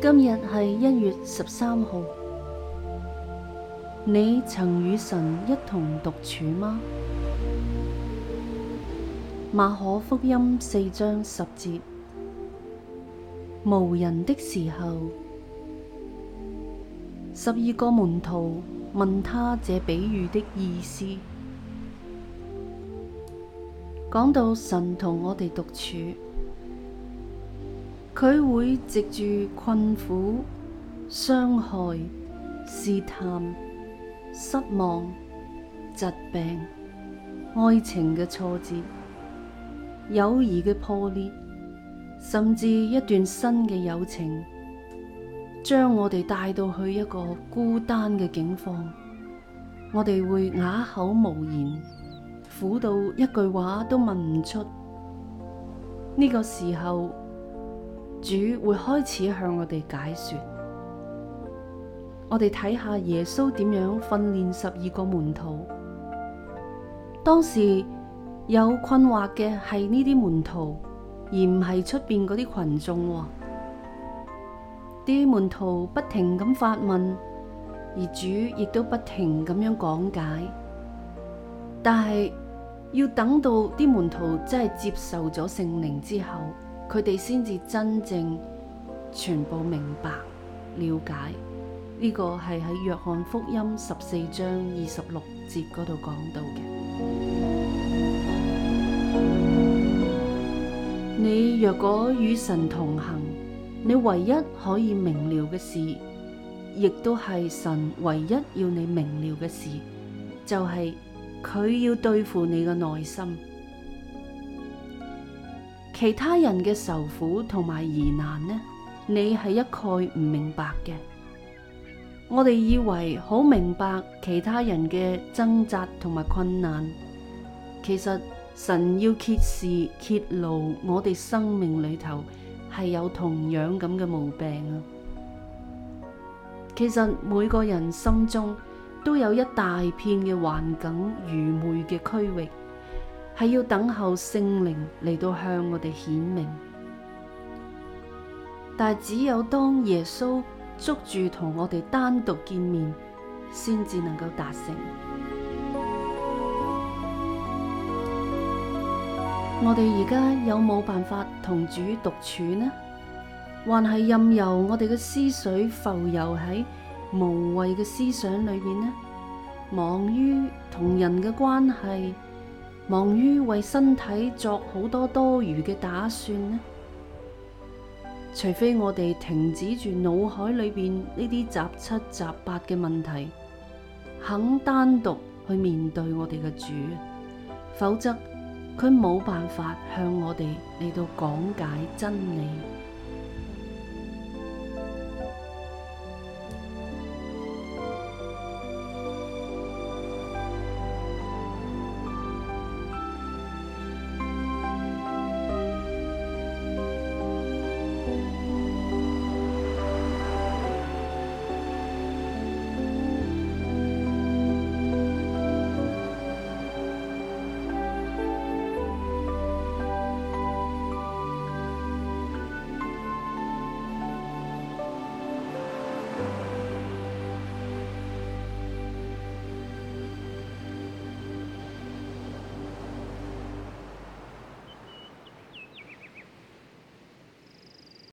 今日係一月十三號。你曾與神一同獨處嗎？馬可福音四章十節，無人的時候，十二個門徒問他這比喻的意思。講到神同我哋獨處。佢會藉住困苦、傷害、試探、失望、疾病、愛情嘅挫折、友誼嘅破裂，甚至一段新嘅友情，將我哋帶到去一個孤單嘅境況。我哋會啞口無言，苦到一句話都問唔出。呢、這個時候。主會開始向我哋解說，我哋睇下耶穌點樣訓練十二個門徒。當時有困惑嘅係呢啲門徒，而唔係出邊嗰啲群眾。啲門徒不停咁發問，而主亦都不停咁樣講解。但係要等到啲門徒真係接受咗聖靈之後。佢哋先至真正全部明白了解呢、這個係喺約翰福音十四章二十六節嗰度講到嘅。 你若果與神同行，你唯一可以明了嘅事，亦都係神唯一要你明了嘅事，就係、是、佢要對付你嘅內心。其他人嘅受苦同埋疑難呢？你係一概唔明白嘅。我哋以為好明白其他人嘅掙扎同埋困難，其實神要揭示揭露我哋生命裏頭係有同樣咁嘅毛病啊！其實每個人心中都有一大片嘅環境愚昧嘅區域。係要等候聖靈嚟到向我哋顯明，但係只有當耶穌捉住同我哋單獨見面，先至能夠達成。 我哋而家有冇辦法同主獨處呢？還係任由我哋嘅思緒浮游喺無謂嘅思想裏邊呢？忙於同人嘅關係？忙於為身體作好多多餘嘅打算呢？除非我哋停止住腦海裏邊呢啲雜七雜八嘅問題，肯單獨去面對我哋嘅主，否則佢冇辦法向我哋嚟到講解真理。